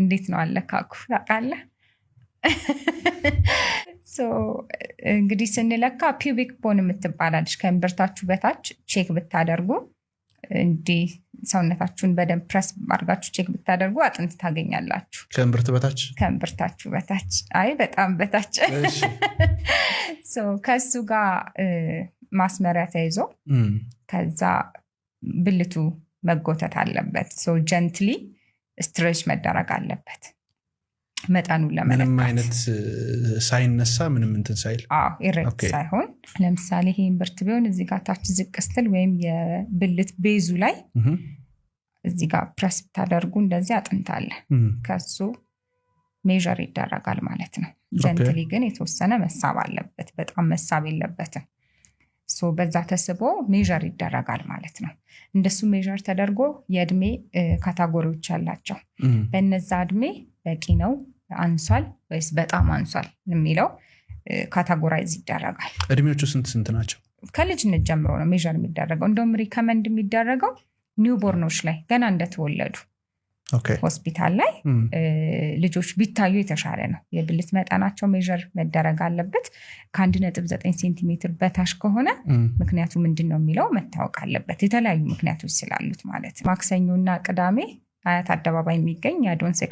እንዴት ነው አለካኩ ታውቃለህ? እንግዲህ ስንለካ ፒቢክ ቦን የምትባላለች ከእምብርታችሁ በታች ቼክ ብታደርጉ እንዲህ ሰውነታችሁን በደንብ ፕረስ አድርጋችሁ ቼክ ብታደርጉ አጥንት ታገኛላችሁ። ከእምብርት በታች ከእምብርታችሁ በታች አይ በጣም በታች ከእሱ ጋር ማስመሪያ ተይዞ ከዛ ብልቱ መጎተት አለበት ጀንትሊ ስትሬች መደረግ አለበት መጠኑን ለምንም አይነት ሳይነሳ ምንም እንትን ሳይል ኢሬክት ሳይሆን ለምሳሌ ይሄ እምብርት ቢሆን እዚህ ጋር ታች ዝቅ ስትል ወይም የብልት ቤዙ ላይ እዚህ ጋር ፕረስ ብታደርጉ እንደዚህ አጥንታለ ከሱ ሜር ይደረጋል ማለት ነው። ጀንትሊ ግን የተወሰነ መሳብ አለበት። በጣም መሳብ የለበትም። በዛ ተስቦ ሜዠር ይደረጋል ማለት ነው። እንደሱ ሜዠር ተደርጎ የእድሜ ካታጎሪዎች አላቸው። በነዛ እድሜ በቂ ነው አንሷል ወይስ በጣም አንሷል የሚለው ካታጎራይዝ ይደረጋል። እድሜዎቹ ስንት ስንት ናቸው? ከልጅነት ጀምሮ ነው ሜዠር የሚደረገው። እንደውም ሪከመንድ የሚደረገው ኒውቦርኖች ላይ ገና እንደተወለዱ ሆስፒታል ላይ ልጆች ቢታዩ የተሻለ ነው። የብልት መጠናቸው ሜዥር መደረግ አለበት። ከአንድ ነጥብ ዘጠኝ ሴንቲሜትር በታች ከሆነ ምክንያቱ ምንድን ነው የሚለው መታወቅ አለበት። የተለያዩ ምክንያቶች ስላሉት ማለት ማክሰኞና ቅዳሜ አያት አደባባይ የሚገኝ የአዶንሴ